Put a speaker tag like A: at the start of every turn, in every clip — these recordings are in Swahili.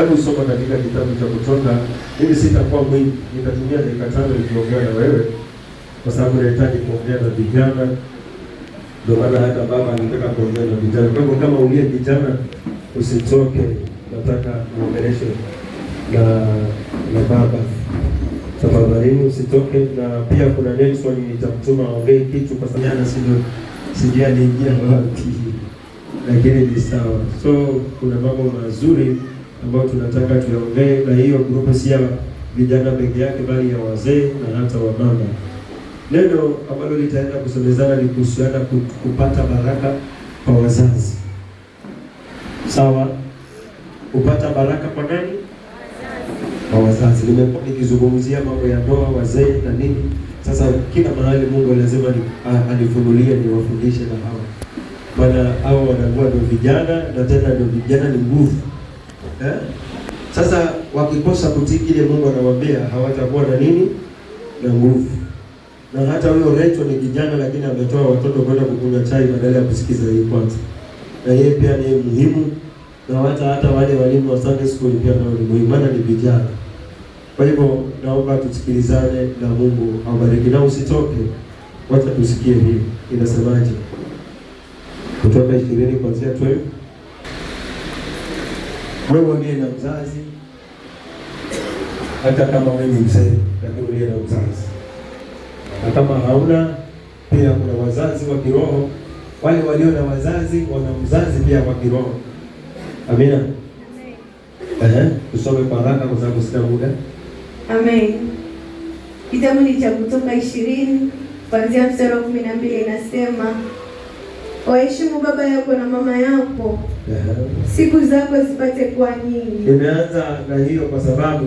A: Hebu soma katika kitabu cha Kutoka. Mimi sitakuwa mwingi, nitatumia dakika tano nikiongea na wewe, kwa sababu nahitaji kuongea na vijana. Ndio maana hata baba anataka kuongea na vijana. Kwa hivyo kama uliye vijana, usitoke, nataka uongeleshe na na baba tafadhalini, usitoke. Na pia kuna Nelson nitamtuma aongee kitu, kwa sababu sio sijui aliingia wapi, lakini ni sawa. So kuna mambo mazuri ambayo tunataka tuyaongee, na hiyo grupu si ya vijana peke yake, bali ya wazee na hata wamama. Neno ambalo litaenda kusomezana ni kuhusiana kupata baraka kwa wazazi. Sawa, kupata baraka kwa nani? Kwa wazazi. Nimekuwa nikizungumzia mambo ya ndoa, wazee na nini. Sasa kila mahali Mungu lazima anifunulie, niwafundishe na hawa, maana hawa wanakuwa ndio vijana, na tena ndio vijana ni nguvu Eh? Sasa wakikosa kutii kile Mungu anawaambia hawatakuwa na nini na nguvu. Na hata huyo Recho ni kijana, lakini ametoa watoto kwenda kukunywa chai badala ya kusikiza hii kwanza, na yeye pia ni muhimu, na hata hata wale walimu wa Sunday school pia nao ni muhimu, maana ni vijana. Kwa hivyo naomba tusikilizane na Mungu awabariki, na usitoke, wacha tusikie hii inasemaje kutoka ishirini kuanzia 12. Wewe uongee na mzazi, hata kama wewe ni mzee, lakini uongee na mzazi, na kama hauna pia, kuna wazazi wa kiroho. Wale walio na wazazi wana mzazi pia wa kiroho. Amina. Amen. Tusome kwa haraka kwa sababu sina muda.
B: Amen. Kitabu ni cha Kutoka ishirini kuanzia mstari wa kumi na mbili inasema waheshimu baba yako na mama yako, siku zako zipate kuwa nyingi.
A: Nimeanza na hiyo kwa sababu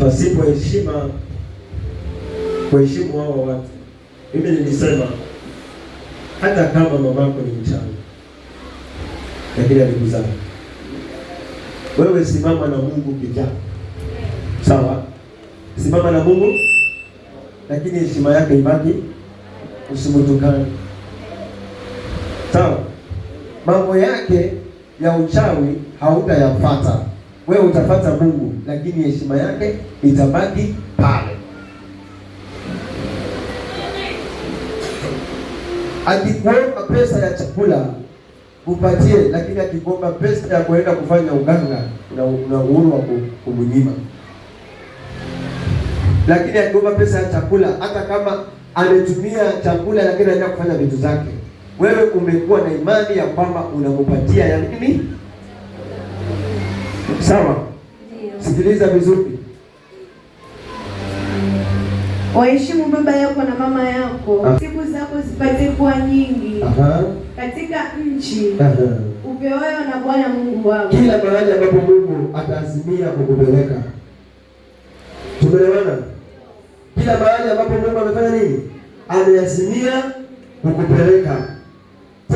A: pasipo heshima, kuheshimu hawa watu, mimi nilisema hata kama mamako ni mchana, lakini alikuzaa wewe. Simama na Mungu kijana, sawa? Simama na Mungu, lakini heshima yake ibaki, usimutukane sawa. Mambo yake ya uchawi hautayafata wewe, utafuata Mungu, lakini heshima yake itabaki pale. Akikuomba pesa ya chakula upatie, lakini akikuomba pesa ya kuenda kufanya uganga, na uhuru wa kumnyima. Lakini akiomba pesa ya chakula, hata kama ametumia chakula, lakini anaenda kufanya vitu zake wewe umekuwa na imani ya kwamba unakupatia ya nini? Sawa, sikiliza vizuri.
B: Waheshimu baba yako na mama yako, ah. siku zako zipate kuwa nyingi Aha. katika nchi upewayo na Bwana Mungu wako,
A: kila mahali ambapo Mungu ataazimia kukupeleka. Tumeelewana? Kila mahali ambapo Mungu amefanya nini, ameazimia kukupeleka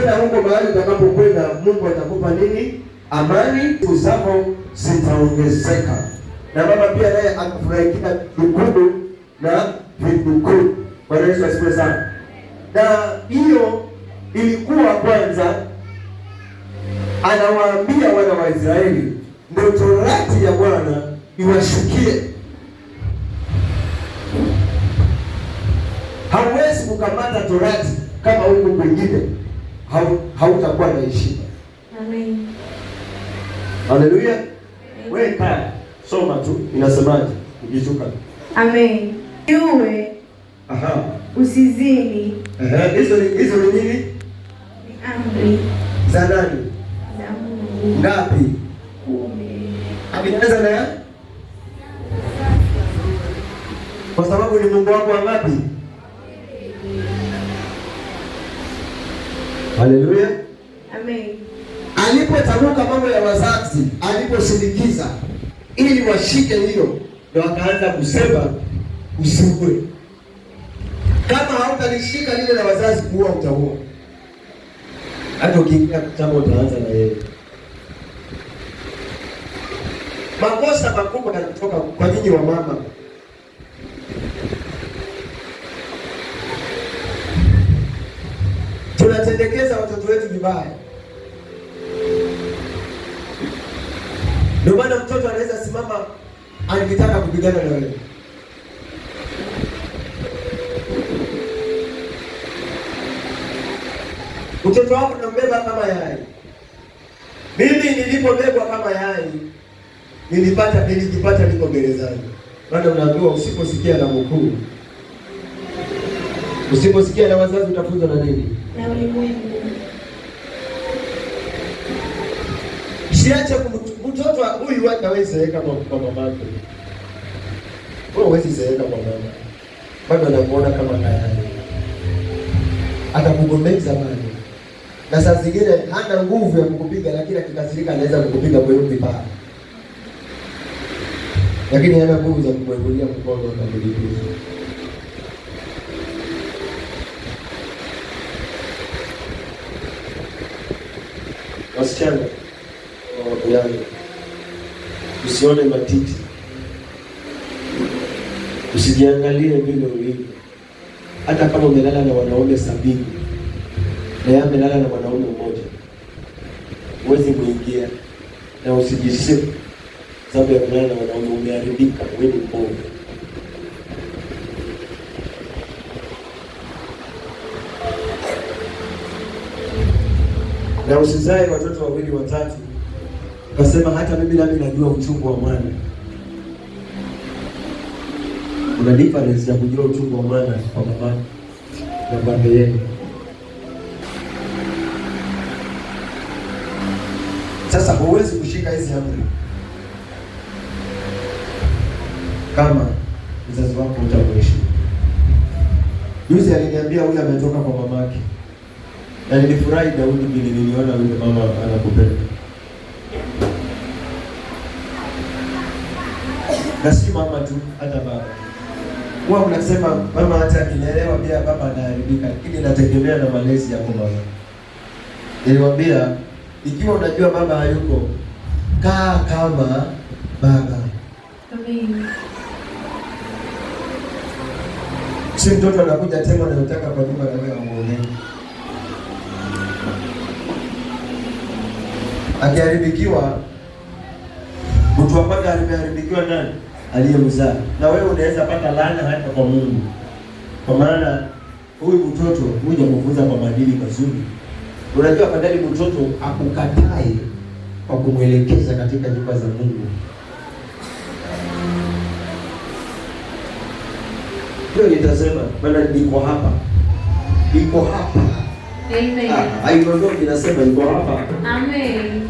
A: tena huko mahali utakapokwenda Mungu atakupa nini? Amani zako zitaongezeka. Na mama pia naye akafurahi kila dukudu na vidukuu Bwana Yesu asifiwe sana. Na hiyo ilikuwa kwanza, anawaambia wana wa Israeli ndio torati ya Bwana iwashukie. Hauwezi kukamata torati kama huko kwingine hautakuwa na heshima. Amen. Haleluya. Wewe kaa soma tu inasemaje ukizuka.
B: Amen. Uwe. Aha. Usizini.
A: Aha, hizo ni hizo ni nini?
B: Ni amri. Za nani? Za Mungu.
A: Ngapi? Kumi. Ameanza na kwa sababu ni Mungu wako wa ngapi? Haleluya. Amen. Alipotamuka mambo ya wazazi, aliposindikiza ili washike hiyo, na akaanza kusema usiue. Kama hautalishika lile la wazazi, kuua utaua. Hata ukiingia kitabu utaanza na yeye. Makosa makubwa yanatoka kwa nyinyi wa mama. tunatendekeza watoto wetu vibaya. Ndio maana mtoto anaweza simama angetaka kupigana na wewe. Mtoto wako unambeba kama yai. Mimi nilipobebwa kama yai nilipata nilijipata niko gerezani, maana unaambiwa usiposikia na mkuu Usiposikia na wazazi utafunzwa na nini?
B: Na ulimwengu.
A: Usiache mtoto huyu ataweza wewe zeeka kwa mama yake. Wewe huwezi zeeka kwa mama. Bado anakuona kama kaya. Atakugombea zamani. Na saa zingine hana nguvu ya kukupiga lakini akikasirika anaweza kukupiga kwa yupi vibaya. Lakini hana nguvu za kumwekulia mkono na kujibiza. wasichana wa wavulana, usione matiti, usijiangalie vile ulivyo. Hata kama umelala na wanaume sabini na yeye amelala na mwanaume mmoja, huwezi kuingia na usijisifu sababu ya kulala na wanaume. Umeharibika, wewe ni mbovu. na usizae watoto wawili watatu. ukasema hata mimi nami najua uchungu wa mwana. Kuna difference ya kujua uchungu wa mwana kwa mama na baba yenu. Sasa huwezi kushika hizi amri kama mzazi wako utamheshimu. Juzi aliniambia huyu ametoka kwa mamake na nilifurahi Daudi vile niliona yule mama anakupenda, na si mama tu, hata baba. Huwa unasema mama hata akilelewa pia baba anaharibika, lakini nategemea na malezi yako mama. Niliwaambia, ikiwa unajua baba hayuko, kaa kama baba. Si mtoto anakuja tena anataka kwa nyumba na wewe amuonee akiharibikiwa mtu ambaye ameharibikiwa nani? Aliyemzaa. Na wewe unaweza pata laana hata kwa Mungu, kwa maana huyu mtoto hujamfunza kwa maadili mazuri. Unajua, afadhali mtoto akukatae kwa kumwelekeza katika nyumba za Mungu. Hiyo nitasema maana niko hapa, niko hapa Amen. Amen. Ah, Ninasema iko hapa.
B: Amen.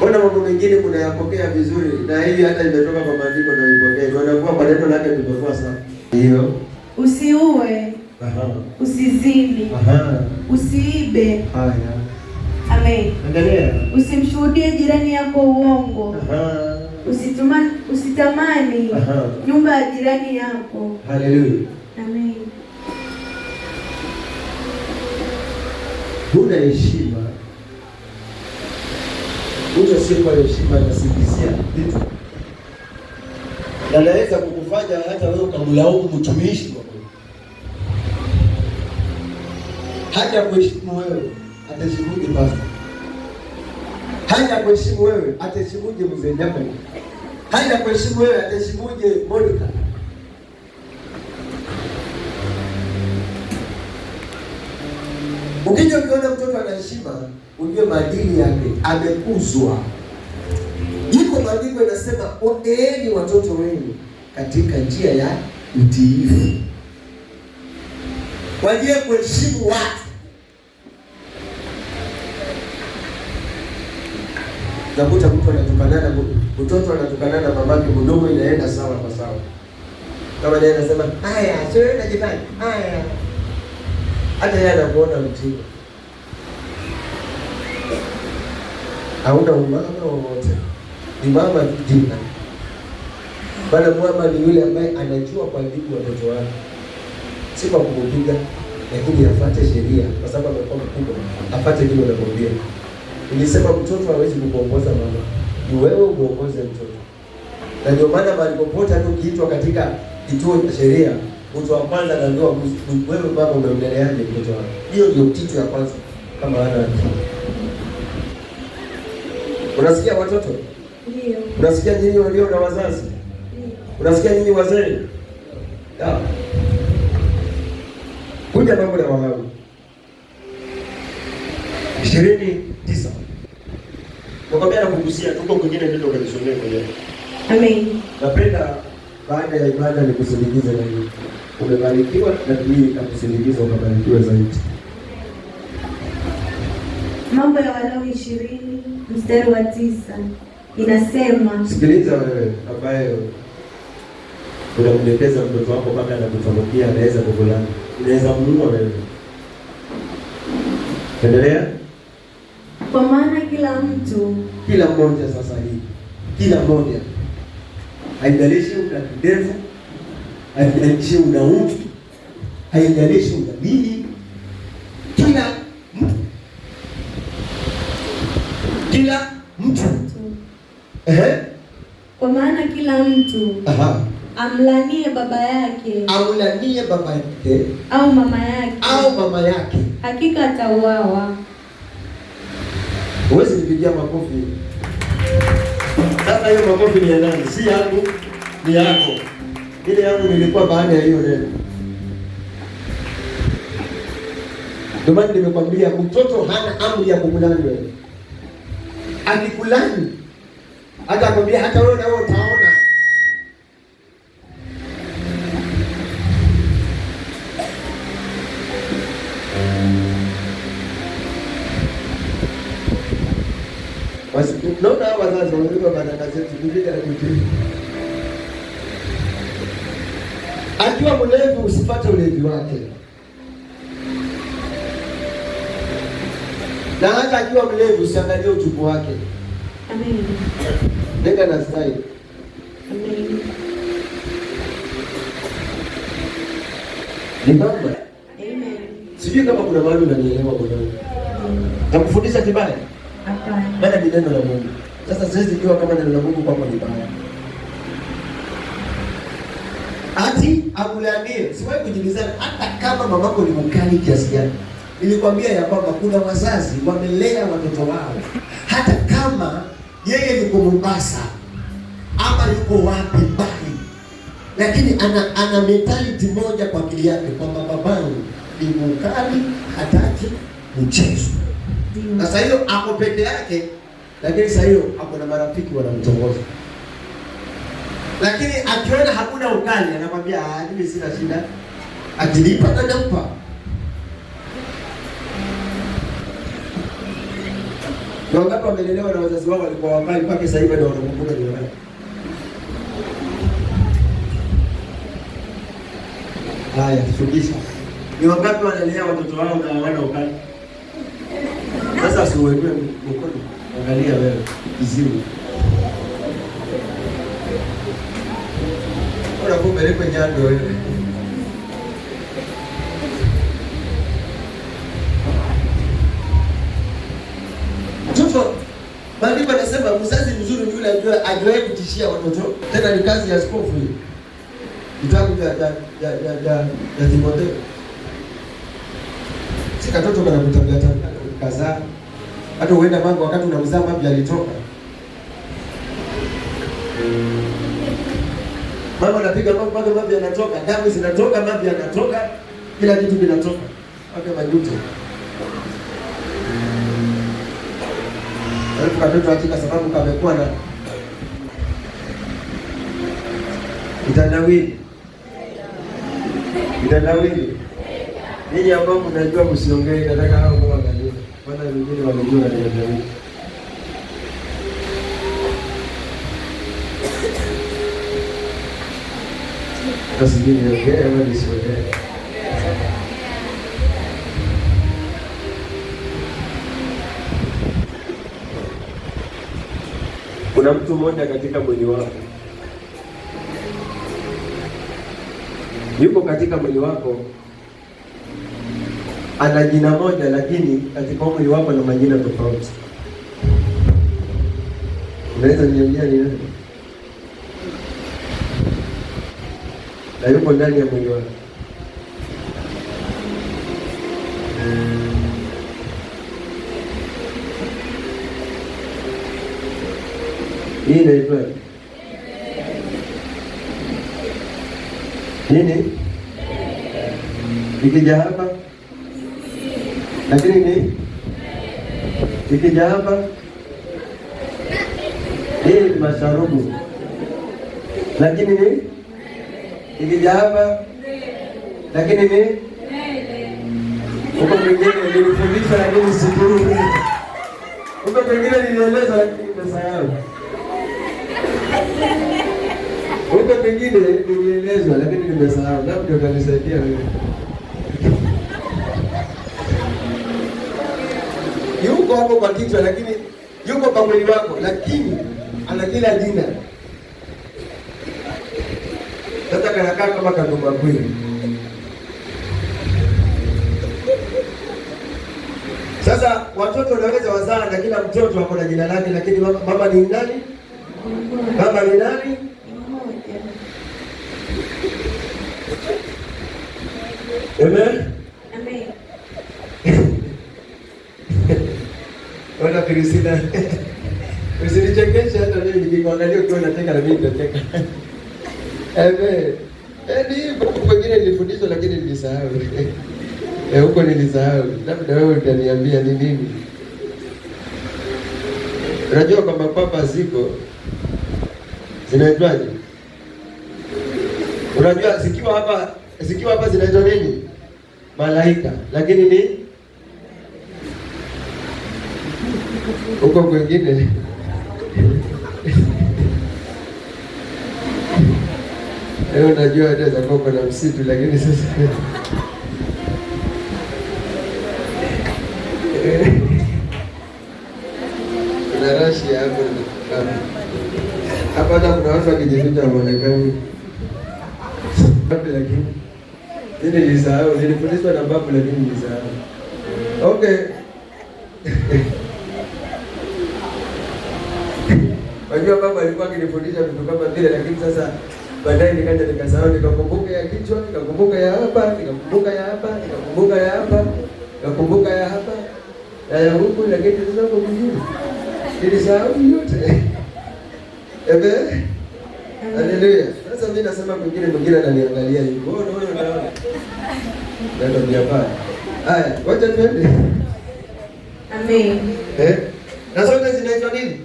A: mambo mengine kunayapokea vizuri na hii hata imetoka kwa maandiko na ipokea. Wanakuwa kwa neno lake limekuwa sana. Ndio.
B: Usiue. Aha. Usizini. Aha. Usiibe. Haya. Amen. Endelea. Usimshuhudie jirani yako uongo. Aha. Usituma, usitamani. Aha. Nyumba ya jirani yako.
A: Haleluya. huna heshima, huyo sifa heshima inasingizia vitu na kukufanya hata wewe ukamlaumu mtumishi wako, haja kuheshimu wewe ataheshimuje pasta? Haja kuheshimu wewe ataheshimuje mzee Jamani? Haja kuheshimu wewe ataheshimuje Monica? Ukija ukiona mtoto ana heshima, ujue maadili yake amekuzwa. Iko maandiko inasema, oneeni watoto wenu katika njia ya utiifu, kwa ajili ya kuheshimu watu. Nakuta mtu anatukanana, mtoto anatukanana mamake mdogo, inaenda sawa kwa sawa, kama naye anasema haya, sio najifanya haya hata yeye anakuona mtima, hauna umama wowote, ni mama kijina. Maana mama ni yule ambaye anajua kuadhibu watoto wake, si kwa kumupiga, lakini afate sheria, kwa sababu amekuwa mkubwa, afate vile unamwambia. Nilisema mtoto hawezi kukuongoza mama, ni wewe umuongoze mtoto, na ndio maana mahali popote hata ukiitwa katika kituo cha sheria mtu wa kwanza anaambiwa wewe baba umemleleaje mtoto wako? Hiyo ndio kitu ya kwanza kama wana wa kike. Unasikia watoto? Ndio. Unasikia nyinyi walio na wazazi?
B: Ndio.
A: Unasikia nyinyi wazee? Da. Kuja mambo ya Walawi ishirini tisa nakwambia, nakugusia tuko kwingine, ndio ukajisomea mwenyewe. Amen. Napenda baada ya ibada nikusindikize na hii umebarikiwa na dunia itakusindikiza ukabarikiwe zaidi.
B: Mambo ya Walawi ishirini mstari wa tisa inasema,
A: sikiliza wewe ambaye unamdekeza mtoto wako mpaka anakutorokia, anaweza kugulana, inaweza muua wewe. Endelea.
B: Kwa maana kila mtu,
A: kila mmoja, sasa hivi, kila mmoja, haijalishi una ndevu haijalishi una umri, haijalishi una nini, kila mtu kila mtu ehe,
B: kwa maana kila mtu aha amlanie baba yake
A: amlanie baba yake
B: au mama yake
A: au mama yake,
B: hakika atauawa.
A: Huwezi nipigia makofi sasa. Hiyo makofi ni ya nani? Si yangu, ni yako ile yangu nilikuwa baada ya hiyo neno. Ndio maana nimekwambia mtoto hana amri ya kukulani wewe, akikulani hata akwambia hata wewe na wewe utaona. Basi naona wazazi wazuri wa baraka zetu vivile Akiwa mlevi usifate ulevi wake, na hata akiwa mlevi usiangalie utupu wake. Amen. Nenda na style. Amen. Ni baba.
B: Amen.
A: Sijui kama kuna mahali unanielewa bwana. Nakufundisha kibaya? Hapana. Bana ni neno la Mungu. Sasa siwezi kujua kama neno la Mungu kwako ni baya. Ati akulandie. Siwahi kujibizana hata kama mamako ni mkali kiasi gani. Nilikwambia ya kwamba kuna wazazi wamelea watoto wao hata kama yeye yuko Mombasa ama yuko wapi mbali, lakini ana ana mentality moja kwa akili yake kwamba babangu ni mkali, hataki mchezo. Sasa hiyo ako peke yake, lakini sasa hiyo ako na marafiki wanamtongoza. Lakini akiona hakuna ukali anamwambia ah, mimi sina shida, akinipa nitampa. Wangapi wamelelewa na wazazi wao walikuwa wakali mpaka sasa hivi ndio wanakumbuka jamani. Haya, shukisha. Ni wangapi wanalea watoto wao na wana ukali? Sasa usiwekewe mkono. Angalia wewe kiziwi. Kumbe liko jando wewe. Mtoto maandiko anasema mzazi mzuri ni yule ajua ajuae kutishia watoto. Tena ni kazi ya askofu hii. Kitabu cha cha cha cha Timotheo. Si katoto kana kutambia tabia kazaa. Hata uenda mambo wakati unamzaa mapya alitoka. Mama anapiga mambo mpaka mavi yanatoka, damu zinatoka, mavi yanatoka, kila kitu kinatoka mpaka majuto. Alafu katoto hakika sababu kamekuwa na mtandawili mtandawili. Ninyi ambao mnajua msiongee, nataka hao waangalie, maana wengine wamejua na mtandawili hata sijui niongee ama nisiongee. Kuna mtu mmoja katika mwili wako, yuko katika mwili wako, ana jina moja, lakini katika mwili wako na majina tofauti. Unaweza niambia ni nani? na yupo ndani ya mwili wako. Hii inaitwa nini? Ikija hapa lakini ni ikija hapa hii masharubu lakini ni ikija hapa, lakini mimi huko mwingine nilifundisha, lakini sikuru huko mwingine nilieleza, lakini nimesahau huko mwingine nilielezwa, lakini nimesahau. Labda ndio kanisaidia wewe yuko hapo kwa kichwa, lakini yuko kwa mwili wako, lakini ana kila jina sasa kanakaa kama kandumba kweli. Sasa watoto wanaweza wazaa na kila mtoto ako na jina lake, lakini mama, ni nani? Mama ni nani? Amen. Amen. Wana Kristina. Usinichekeshe hata mimi nikiangalia ukiwa unateka na mimi nitacheka. Amen. Eh, yaani eh, eh, huku pengine nilifundishwa lakini nilisahau. Eh, huko nilisahau. Labda wewe utaniambia ni nini? Unajua kwamba papa ziko zinaitwaje? Unajua zikiwa hapa zikiwa hapa zinaitwa nini? Malaika. Lakini ni huko kwingine Leo najua hata anaweza kuwa na msitu, lakini sasa kuna rashi hapo hapa, hata kuna watu wakijificha Marekani, lakini mimi nilisahau, nilifundishwa na babu, lakini nilisahau. Okay, wajua baba alikuwa akinifundisha vitu kama vile, lakini sasa Baadaye nikaja nikasahau, nikakumbuka ya kichwa, nikakumbuka ya hapa, nikakumbuka ya hapa, nikakumbuka ya hapa, nikakumbuka ya hapa na ya huku, lakini sasa kwa mwingine nilisahau yote. Amen, haleluya. Sasa mimi nasema mwingine, mwingine ananiangalia yuko ona, ona, ona, ndio ndio hapa. Haya, wacha tuende. Amen. Eh, na zote zinaitwa nini?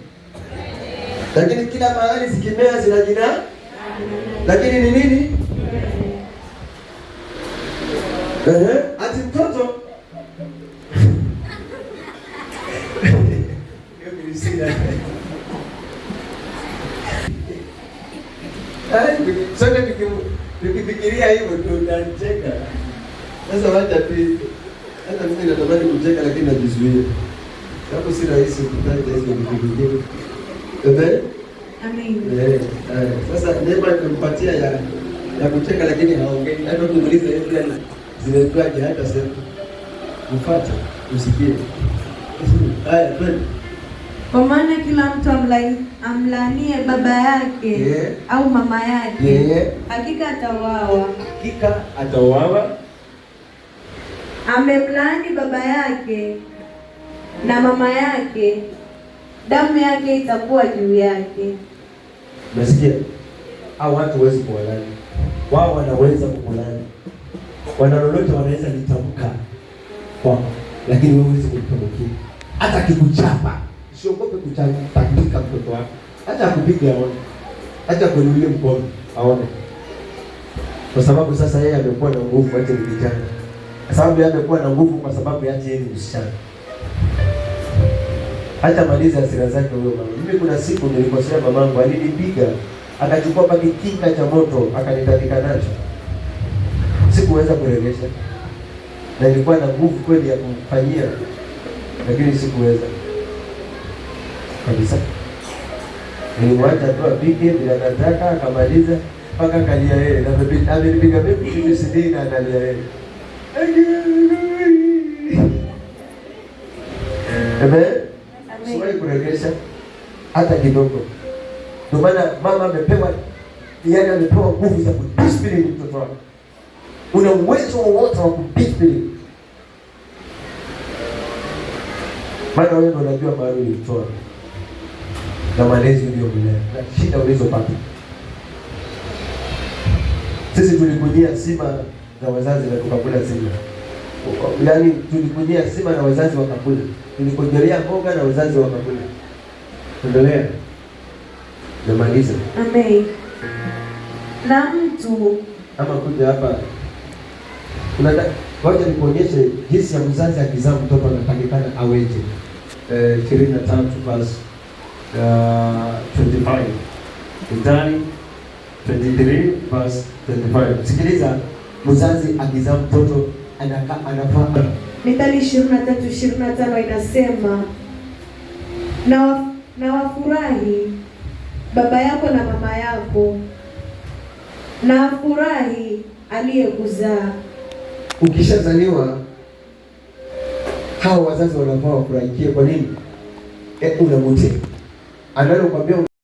A: Lakini kila mahali zikimea zina jina lakini ni nini? Ehe, ati mtoto sote tukifikiria hivyo tunacheka. Sasa wacha tu, hata mimi natamani kucheka lakini najizuia, sababu si rahisi kutaja hizo vitu vingine. Sasa neema nimempatia ya ya kucheka, lakini haongei. Hata kumuuliza yeye pia zimekuaje, hata sema mfuate, usikie. Haya, twende.
B: Kwa maana kila mtu amlanie baba yake yeah, au mama yake yeah, hakika atauawa.
A: Hakika atauawa.
B: Amemlaani baba yake na mama yake, damu yake itakuwa juu yake.
A: Umesikia? Au watu wezi kuwalani, wao wanaweza kukulani, wana lolote wanaweza litamka Kwa. lakini wewe wezi kutamukia. Hata akikuchapa kuchapa. kutamka mtoto wako, hata kupiga aone, hata akuinulie mkono aone, kwa sababu sasa yeye amekuwa na nguvu, acha ni kijana, kwa sababu yeye amekuwa na nguvu, kwa sababu yeye ni msichana hata maliza hasira zake huyo mama. Mimi kuna siku nilikosea mamangu, alinipiga akachukua paki kinga cha moto akanitandika nacho, sikuweza kuregesha, na ilikuwa na nguvu kweli ya kumfanyia, lakini sikuweza kabisa. Nilimwacha tu apige bila nataka, akamaliza mpaka akalia yeye, na amenipiga mimi mimi sidii na analia yeye Amen siwahi kuregesha hata kidogo. Ndio maana mama amepewa, yaani amepewa nguvu za kudisipline mtoto wake. Una uwezo wowote wa kudisipline, maana wewe ndio unajua mahali ulimtoa na malezi uliyomlea na shida ulizopata. Sisi tulikujia sima za wazazi na tukakula sima yaani tulikujia sima na wazazi wakakula, tulikujelea mboga na wazazi wakakula. Endelea, namaliza.
B: Amen. Na mtu
A: ama kuja hapa unataka ngoja nikuonyeshe jinsi ya mzazi akizaa mtoto anatakikana aweje. Eh, ishirini na tatu verse uh, twenty five Mithali 23 verse 25. Sikiliza, mzazi akizaa mtoto anapanga.
B: Mithali 23:25 inasema na, na wafurahi baba yako na mama yako na afurahi aliyekuzaa.
A: Ukishazaliwa hawa wazazi wanafaa wafurahikie. Kwa nini? E, eh, unamuti analokwambia